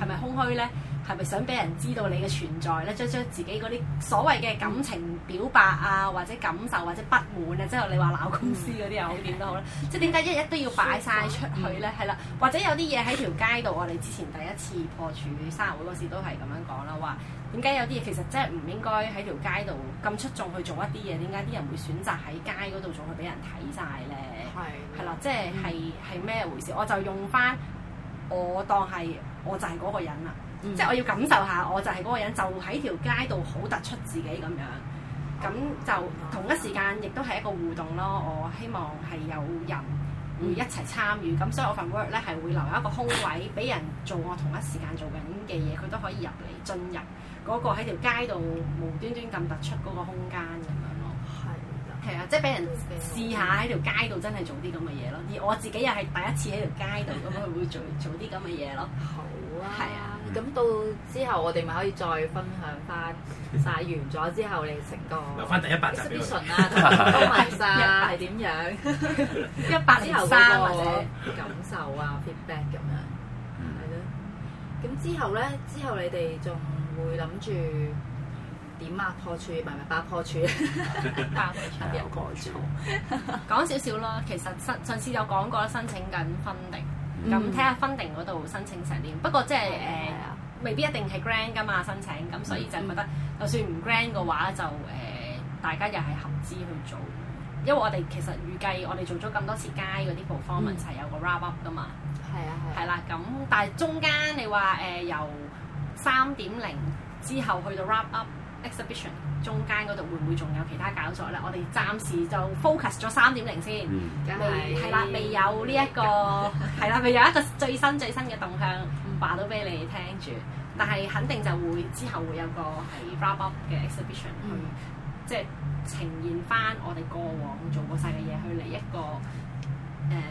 S2: 係咪空虛呢？係咪想俾人知道你嘅存在呢？將將自己嗰啲所謂嘅感情表白啊，或者感受或者不滿啊，之後你話鬧公司嗰啲又好點都好啦。嗯、即係點解日日都要擺晒出去呢？係啦、嗯，或者有啲嘢喺條街度，我哋之前第一次破處生日會嗰時都係咁樣講啦，話點解有啲嘢其實真係唔應該喺條街度咁出眾去做一啲嘢？點解啲人會選擇喺街嗰度做去俾人睇晒呢？係係啦，即係係咩回事？我就用翻我當係。我就係嗰個人啦，mm hmm。即係我要感受下，我就係嗰個人，就喺條街度好突出自己咁樣，咁就同一時間亦都係一個互動咯。我希望係有人會一齊參與，咁所以我份 work 咧係會留一個空位，俾人做我同一時間做緊嘅嘢，佢都可以入嚟進入嗰個喺條街度無端端咁突出嗰個空間嘅。係啊，即係俾人試下喺條街度真係做啲咁嘅嘢咯，而我自己又係第一次喺條街度咁樣會做做啲咁嘅嘢咯。好啊！係啊，咁到之後我哋咪可以再分享翻，曬完咗之後你成個 Subscription 啊，都埋曬係點樣？一百之後或者感受啊，feedback 咁樣，係咯。咁之後咧，之後你哋仲會諗住？點啊？爆破處？唔係，唔係爆破處，爆破處有講錯講少少咯。其實申上次有講過，申請緊 funding 咁睇下 funding 嗰度申請成點。不過即係誒，未必一定係 grant 噶嘛。申請咁，所以就覺得就算唔 grant 嘅話，就誒大家又係合資去做。因為我哋其實預計我哋做咗咁多次街嗰啲 performance 係有個 wrap up 噶嘛。係啊係。係啦，咁但係中間你話誒由三點零之後去到 wrap up exhibition 中間度會唔會仲有其他搞作咧？我哋暫時就 focus 咗三點零先，係係啦，未有呢一個，係 *laughs* 啦，未有一個最新最新嘅動向唔話到俾你聽住。但係肯定就會之後會有個係 wrap up 嘅 exhibition、嗯、去即係、就是、呈現翻我哋過往做過晒嘅嘢，去嚟一個誒、呃、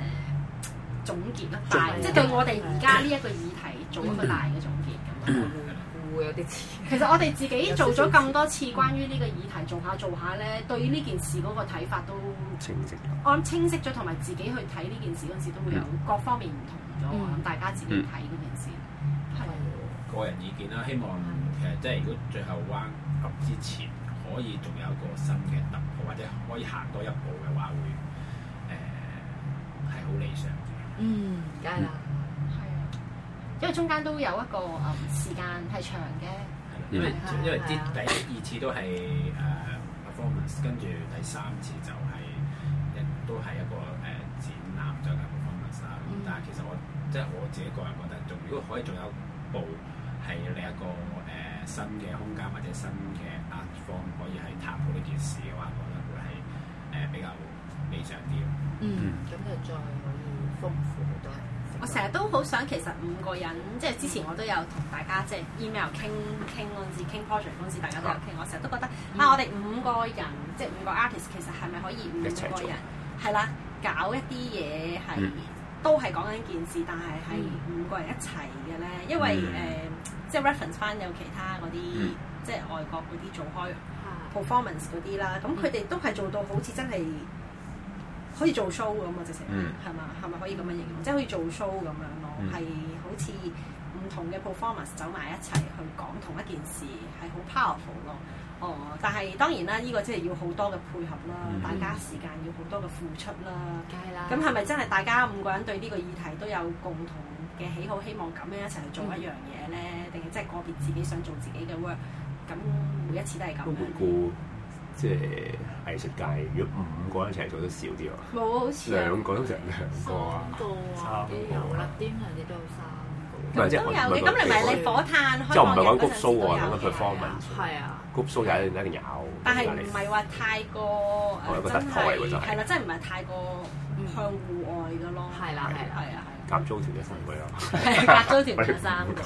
S2: 總結啦，大即係話對我哋而家呢一個議題、嗯嗯、做一個大嘅總結咁咯。 *coughs* *coughs* 會有啲似。 *laughs* 其實我哋自己做咗咁多次關於呢個議題，做下做下咧，對於呢件事嗰個睇法都清晰。我諗清晰咗，同埋自己去睇呢件事嗰陣時，都會有、嗯、各方面唔同咗、嗯、我諗大家自己睇嗰件事，係、嗯、
S1: 個人意見啦。希望誒，即係、其實、如果最後彎及之前，可以仲有一個新嘅突破，或者可以行多一步嘅話，會誒係好理想嘅。
S2: 嗯，梗係啦。嗯因為中間都有一個誒時間係長嘅，係啦，因
S1: 為因為啲第二次都係誒、uh, performance，跟住第三次就係、是、亦都係一個誒、uh, 展覽就係 performance 啦、嗯。但係其實我即係、就是、我自己個人覺得，仲如果可以仲有步喺另一個誒、uh, 新嘅空間或者新嘅 art form 可以係探討呢件事嘅話，我覺得會係誒、uh, 比較理想啲咯。嗯，咁
S2: 就、嗯、再可以豐富好多。我成日都好想，其實五個人，即係之前我都有同大家、嗯、即係 email 傾傾公司傾 project 公司，大家都有傾。啊、我成日都覺得、嗯、啊，我哋五個人，即係五個 artist，其實係咪可以五個人係啦，搞一啲嘢係都係講緊件事，但係係五個人一齊嘅咧。因為誒、嗯呃，即係 reference 翻有其他嗰啲，即係、嗯、外國嗰啲做開、啊、performance 嗰啲啦。咁佢哋都係做到好似真係。可以做 show 咁啊，直情、嗯，係嘛？係咪可以咁樣形容？即、就、係、係、可以做 show 咁樣咯，係、嗯、好似唔同嘅 performance 走埋一齊去講同一件事，係好 powerful 咯。哦，但係當然啦，呢、呢個即係要好多嘅配合啦，嗯、大家時間要好多嘅付出啦。梗係啦。咁係咪真係大家五個人對呢個議題都有共同嘅喜好，希望咁樣一齊去做一樣嘢咧？定係即係個別自己想做自己嘅 work？咁每一次都係咁嘅。
S1: 即係藝術界，如果五個人一齊做都少啲喎。冇，
S2: 好似兩
S1: 個都成兩個啊。
S2: 三個啊，獨立啲人哋都三個咁？你唔係，你火炭開房唔係講谷
S1: 蘇喎，我講佢方文。係啊。谷蘇就一定一定有。但係唔係
S2: 話太過誒？真係係啦，真係唔係太過向戶外嘅咯。係啦，係啦，係啊，
S1: 夾租、啊、 *laughs* 租團嘅氛圍啊！係夾租團做三
S2: 個，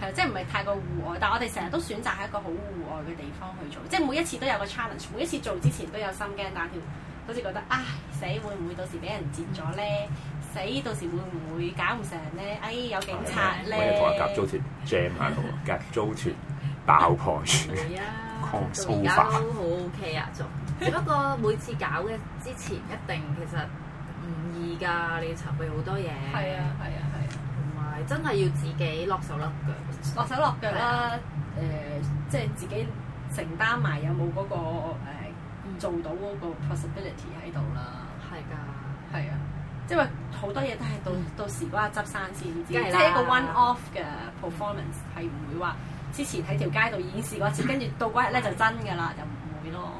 S2: 係啊，即係唔係太過戶外？但係我哋成日都選擇喺一個好戶外嘅地方去做，即係每一次都有個 challenge，每一次做之前都有心驚膽跳，好似覺得唉、哎、死會唔會到時俾人截咗咧？嗯、死到時會唔會搞唔成咧？哎有警察咧！同阿夾
S1: 租團 jam 喺度，夾 *laughs* 租團爆破處
S2: *laughs* 嗯，而家都好 OK 啊做，只 *laughs* *laughs* 不過每次搞嘅之前一定其實。易㗎，你要籌備好多嘢。係啊，係啊，係啊。同埋真係要自己落手落腳，落手落腳啦。誒、啊呃，即係自己承擔埋有冇嗰、嗰個、呃、做到嗰個 possibility 喺度啦。係㗎。係啊，即係話好多嘢都係到到時嗰日執生先知啦。即係一個 one off 嘅 performance 係唔、嗯、會話之前喺條街度演示過一次， *laughs* 跟住到嗰日咧就真㗎啦，就唔會咯。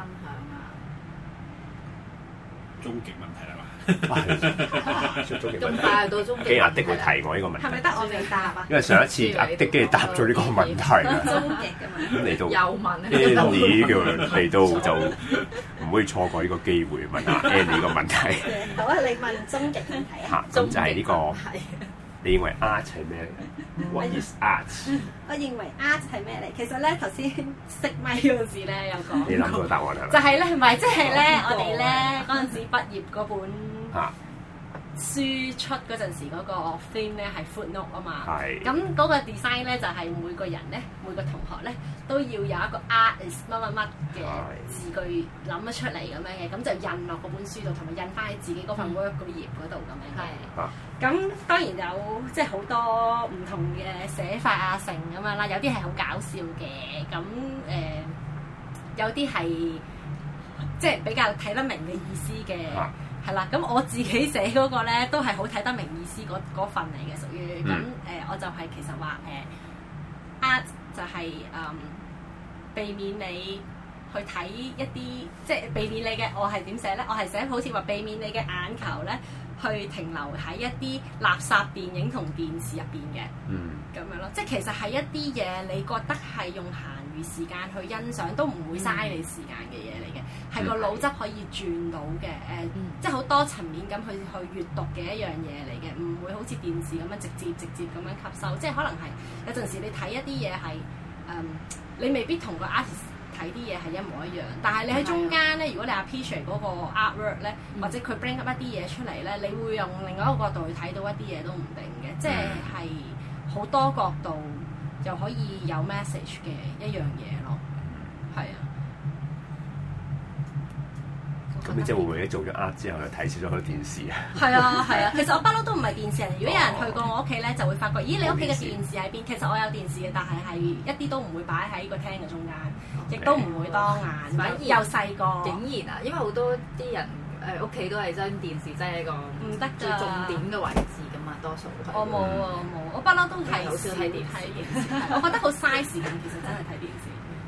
S1: 分享啊！終極問題係嘛？
S2: 咁到終極。基阿迪提我呢個問題，係咪得我嚟答啊？因為上一次阿迪基嚟
S1: 答咗呢個問題，終極嘅問題。又
S2: 問啊？嚟到就
S1: 唔可以錯過呢個機會問下。Eddie 個問題。
S2: 好啊，你問終極問題啊？就係呢個。
S1: 你認為 art 係咩嚟？What is art？ *noise*
S2: 我認為 art 係咩嚟？其實咧，頭先食咪嗰陣時咧，有講，你諗到答案啦？就係咧，唔係即係咧，就係咧 *music* 我哋咧嗰陣時畢業嗰本。 *laughs* 輸出嗰陣時嗰個 theme 咧係 footnote 啊嘛，咁嗰是個 design 咧就係、是、每個人咧每個同學咧都要有一個 art is 乜乜乜嘅字句諗得出嚟咁樣嘅，咁是就印落嗰本書度，同埋印翻喺自己嗰份 work 嘅頁嗰度咁樣。咁當然有即係好多唔同嘅寫法啊，成咁樣啦，有啲係好搞笑嘅，咁誒、呃、有啲係即係比較睇得明嘅意思嘅。啊係啦，咁我自己寫嗰個咧，都係好睇得明意思嗰份嚟嘅，屬於，咁誒、呃、我就係其實話誒，呃就係、誒、嗯避免你去睇一啲，即係避免你嘅，我係點寫咧？我係寫好似話避免你嘅眼球咧，去停留喺一啲垃圾電影同電視入邊嘅，嗯，咁樣咯，即係其實係一啲嘢，你覺得係用下時間去欣賞都唔會嘥你時間嘅嘢嚟嘅，係、嗯、個腦汁可以轉到嘅，誒、嗯，嗯、即係好多層面咁去去閱讀嘅一樣嘢嚟嘅，唔會好似電視咁樣直接直接咁樣吸收，即係可能係有陣時你睇一啲嘢係，誒、嗯，你未必同個 artist 睇啲嘢係一模一樣，但係你喺中間咧，的如果你阿 Pierre 嗰個 artwork 咧，嗯、或者佢 bring up 一啲嘢出嚟咧，你會用另外一個角度去睇到一啲嘢都唔定嘅，嗯、即係係好多角度。就可以有 message 嘅一樣嘢咯，
S1: 係啊。咁你即係會唔會會做咗呃，之後後，又睇少咗佢電視啊？係啊係啊， *laughs* 其實我不嬲
S2: 都唔係電視人。如果有人去過我屋企咧，哦、就會發覺、哦 okay. 咦，你屋企嘅電視喺邊視其實我有電視嘅，但係係一啲都唔會擺喺個廳嘅中間，Okay. 亦都唔會當眼，反而有細個，竟然啊！因為好多啲人誒，屋企都係將電視擠喺個唔得嘅最重點嘅位置。多數我冇喎，我冇，我不嬲都係好少睇電視。我覺得好嘥時間，其實真係睇電視，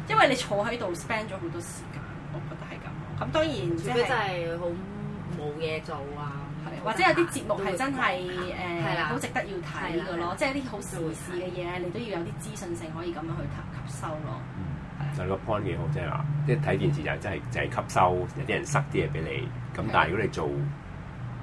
S2: 因為你坐喺度 spend 咗好多時間，我覺得係咁。咁當然即係除非真係好冇嘢做啊，或者有啲節目係真係誒好值得要睇㗎咯，即係啲好時事嘅嘢，你都要有啲資訊性可以咁樣去吸吸收
S1: 咯。就係個 point 幾好，即係話即係睇電視就係真係就係吸收，有啲人塞啲嘢俾你，咁但係如果你做。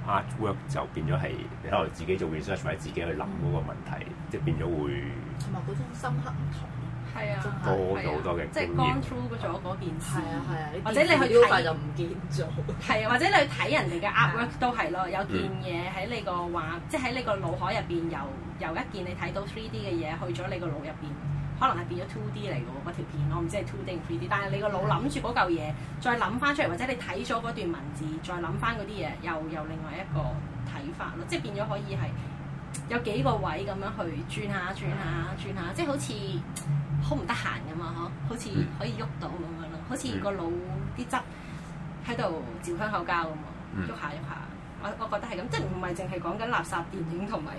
S1: Artwork 就變咗係你可能自己做 research 或者自己去諗嗰個問題，即係變咗會。同
S2: 埋嗰種深刻唔同咯，係啊，多咗好多嘅，即係 gone through 咗嗰件事。啊係啊，或者你去睇就唔見咗。係啊，或者你去睇人哋嘅 artwork 都係咯，有件嘢喺你個話，即係喺你個腦海入邊，由由一件你睇到 three D 嘅嘢，去咗你個腦入邊。可能係變咗 two D 嚟㗎喎，嗰條片，我唔知係 two D 定 three D，但係你個腦諗住嗰嚿嘢，再諗翻出嚟，或者你睇咗嗰段文字，再諗翻嗰啲嘢，又有另外一個睇法咯，即係變咗可以係有幾個位咁樣去轉下、嗯、轉下轉下，即係好似好唔得閒咁嘛。嗬，好似可以喐到咁樣咯，好似個腦啲汁喺度嚼香口膠咁啊，喐下喐下、喐下，我我覺得係咁，即係唔係淨係講緊垃圾電影同埋。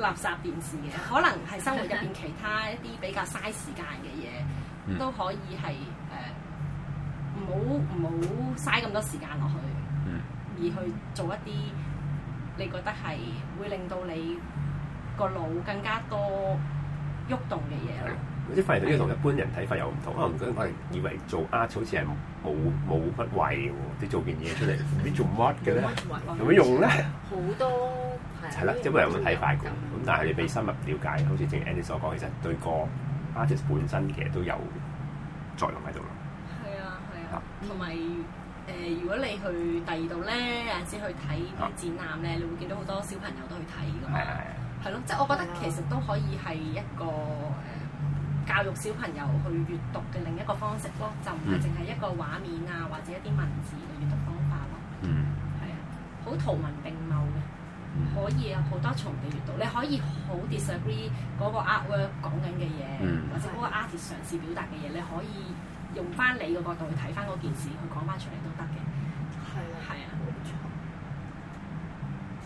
S2: 垃圾電視嘅，可能係生活入邊其他一啲比較嘥時間嘅嘢，都可以係誒唔好唔好嘥咁多時間落去，嗯、而去做一啲你覺得係會令到你個腦更加多喐動嘅嘢
S1: 咯。啲發言呢，同一般人睇法又唔同，可能的我哋的以為做 art 好似係冇冇乜謂嘅喎，你做件嘢出嚟唔知做乜嘅咧，有乜用咧？
S2: 好多。
S1: 係啦，一般人會睇快啲咁，嗯、但係你俾深入了解，好似、嗯、正如 Andy 所講，其實對個 artist 本身嘅都有作用喺度咯。係啊，係啊，
S2: 同埋誒，如果你去第二度咧，有陣時去睇啲展覽咧，啊、你會見到好多小朋友都去睇㗎嘛。係啊，咯、啊，即係、啊、我覺得其實都可以係一個誒教育小朋友去閱讀嘅另一個方式咯，就唔係淨係一個畫面啊，或者一啲文字嘅閱讀方法咯。嗯。係啊，好圖文並。可以有好多重嘅閲讀，你可以好 disagree 嗰個 artwork 講緊嘅嘢，或者嗰個 artist 嘗試表達嘅嘢，你可以用翻你個角度去睇翻嗰件事，去講翻出嚟都得嘅。係啊，係啊，冇錯。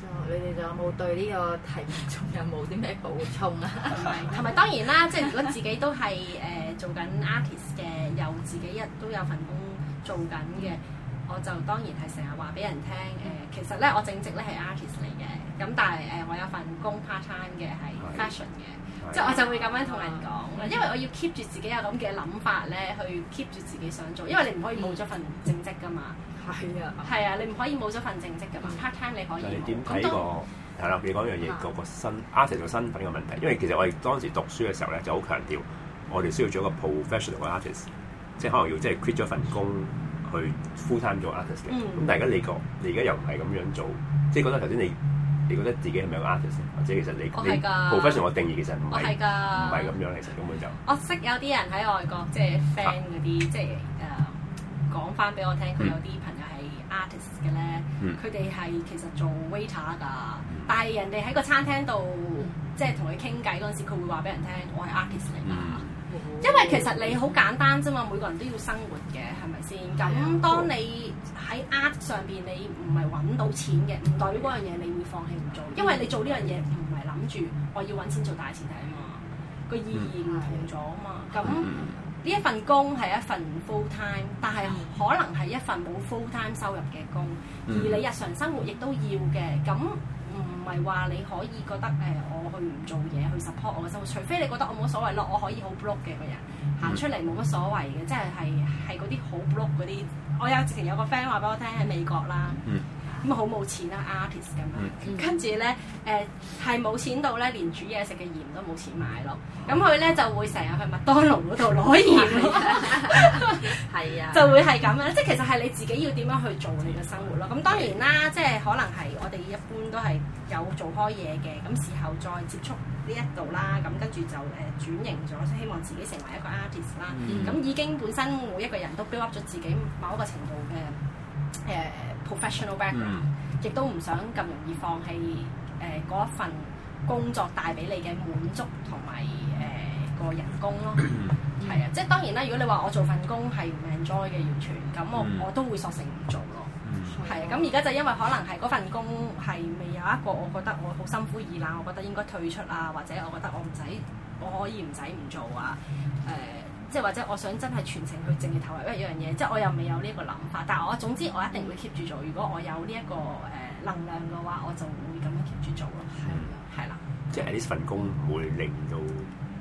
S2: 之後你哋仲有冇對呢個題目仲有冇啲咩補充啊？係咪？係咪？當然啦，即係如果自己都係誒做緊 artist 嘅，又自己一都有份工做緊嘅，我就當然係成日話俾人聽誒，其實咧我正職咧係 artist 嚟嘅。咁、嗯、但係誒、呃，我有份工 part time 嘅係 fashion 嘅，即係我就會咁樣同人講，啊、因為我要 keep 住自己有咁嘅諗法咧，去 keep 住自己想做，因為你唔可以冇咗份正職㗎嘛。係啊，係啊，你唔可以冇咗份正職㗎嘛。嗯、part time 你可以。咁點睇個
S1: 係啦？譬如講、嗯嗯、樣嘢個個新 artist 個身份嘅問題，因為其實我哋當時讀書嘅時候咧就好強調，我哋需要做一個 professional artist，即係可能要即係 quit 咗份工去 full time 做 artist 咁、嗯、但係而家你個你而家又唔係咁樣做，即係覺得頭先你。你覺得自己係咪個 artist？或者其實你你 profession 嘅定義其實唔係唔係咁樣，其實根本就
S2: 我識有啲人喺外國，即係 friend 嗰啲，即係誒講翻俾我聽，佢有啲朋友係 artist 嘅咧，佢哋係其實做 waiter 噶，但係人哋喺個餐廳度即係同佢傾偈嗰陣時，佢會話俾人聽，我係 artist 嚟噶，因為其實你好簡單啫嘛，每個人都要生活嘅，係咪先？咁當你喺 Art 上邊，你唔係揾到錢嘅，唔代表嗰樣嘢你會放棄唔做，因為你做呢樣嘢唔係諗住我要揾錢做大前提啊嘛，個意義唔同咗啊嘛。咁呢、嗯、一份工係一份 full time，但係可能係一份冇 full time 收入嘅工，嗯、而你日常生活亦都要嘅。咁唔係話你可以覺得誒、呃，我去唔做嘢去 support 我嘅生活，除非你覺得我冇所謂咯，我可以好 block 嘅個人行出嚟冇乜所謂嘅，即係係係嗰啲好 block 嗰啲。我有之前有個 friend 話俾我聽，喺美國啦，
S1: 咁
S2: 好冇錢啦，artist 咁樣，mm hmm. 跟住咧誒係冇錢到咧，連煮嘢食嘅鹽都冇錢買咯。咁佢咧就會成日去麥當勞嗰度攞鹽嚟，係啊，就會係咁樣。即係其實係你自己要點樣去做你嘅生活咯。咁當然啦，mm hmm. 即係可能係我哋一般都係有做開嘢嘅，咁時候再接觸。呢一度啦，咁跟住就誒轉型咗，希望自己成為一個 artist 啦。咁、mm. 已經本身每一個人都 build up 咗自己某一個程度嘅誒、呃、professional background 亦、mm. 都唔想咁容易放棄誒一、呃、份工作帶俾你嘅滿足同埋誒個人工咯。係啊， *coughs* 即係當然啦。如果你話我做份工係唔 enjoy 嘅完全，咁我、mm. 我都會索性唔做。係，咁而家就因為可能係嗰份工係未有一個我覺得我好心灰意冷，我覺得應該退出啊，或者我覺得我唔使我可以唔使唔做啊。誒、呃，即係或者我想真係全程去淨係投入一樣嘢，即係我又未有呢一個諗法。但係我總之我一定會 keep 住做。如果我有呢一個誒能量嘅話，我就會咁樣 keep 住做咯。係啦，
S1: 即係呢份工會令到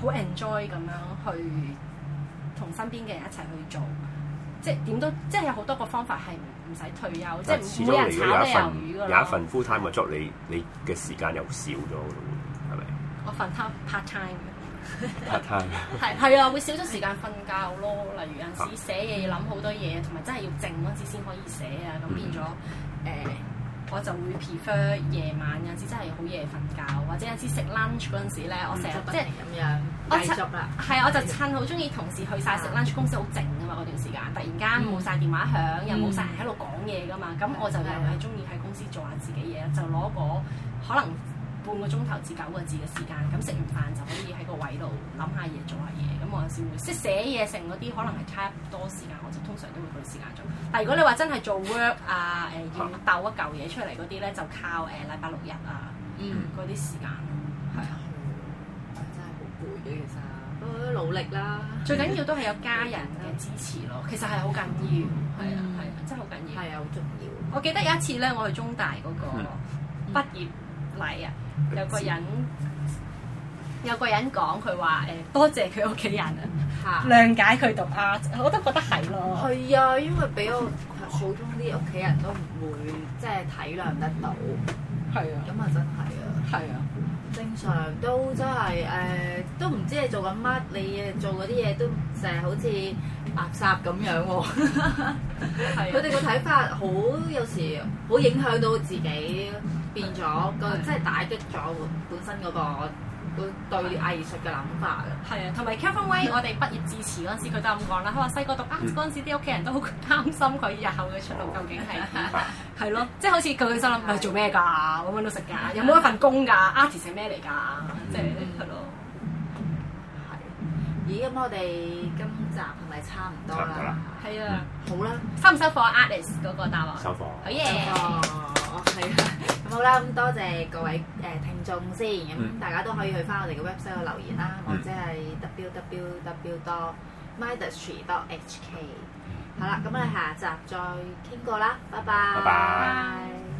S2: 好 enjoy 咁樣去同身邊嘅人一齊去做，即係點都即係有好多個方法係唔使退休，即係冇人炒有一份你魷魚噶有一
S1: 份 full time 嘅 job，你你嘅時間又少咗咯，係咪？
S2: 我份 part time
S1: *laughs* part time
S2: 係係 *laughs* *laughs* 啊，會少咗時間瞓覺咯。例如有陣時寫嘢、啊嗯、要諗好多嘢，同埋真係要靜嗰陣時先可以寫啊。咁變咗誒。嗯嗯我就會 prefer 夜晚，有時真係好夜瞓覺，或者有時食 lunch 嗰陣時咧，嗯、我成即係咁樣，我趁乘係我就趁好中意同事去晒食 lunch，嗯、公司好靜啊嘛嗰段時間，突然間冇晒電話響，嗯、又冇晒人喺度講嘢噶嘛，咁我就又係中意喺公司做下自己嘢，嗯、就攞個可能。半個鐘頭至九個字嘅時間，咁食完飯就可以喺個位度諗下嘢，做下嘢。咁我有時會即寫嘢成嗰啲，可能係差唔多時間，我就通常都會去時間做。但如果你話真係做 work 啊，誒、呃、要鬥一嚿嘢出嚟嗰啲咧，就靠誒禮拜六日啊，嗰啲、嗯、時間。係啊、嗯的嗯，真係好攰嘅，其實都努力啦。最緊要都係有家人嘅支持咯，其實係好緊要。係啊，係啊，真係好緊要。係啊，好重要。我記得有一次咧，我去中大嗰個畢業。嗯嗯係啊！有個人有個人講佢話誒，多謝佢屋企人嚇，嗯、諒解佢讀的啊！我都覺得係咯，係啊，因為比我普通啲屋企人都唔會即係體諒得到，係啊的，咁啊真係啊，係啊的，的正常都真係誒、呃，都唔知你做緊乜，你做嗰啲嘢都成日好似垃圾咁樣喎、哦，佢哋個睇法好有時好影響到自己。變咗個，即係打擊咗本身嗰個對藝術嘅諗法。係啊，同埋 Kevin Way，我哋畢業致辭嗰陣時，佢都咁講啦。佢話細個讀啊，嗰陣時啲屋企人都好擔心佢日後嘅出路究竟係係咯，即係好似佢心諗係做咩㗎？揾唔到食㗎？有冇一份工㗎？Artist 咩嚟㗎？即係係咯。係。咦，咁我哋今集係咪差唔多啦？係啊。好啦。收唔收貨？Artist 嗰個答案。收貨。好嘢。哦，係啦，咁 *noise* *laughs* 好啦，咁多謝各位誒聽眾先，咁大家都可以去返我哋嘅 website 度留言啦，或者係 www dot mindtree dot hk *noise* *noise* 好啦，咁我哋下集再傾過啦，拜拜。拜拜。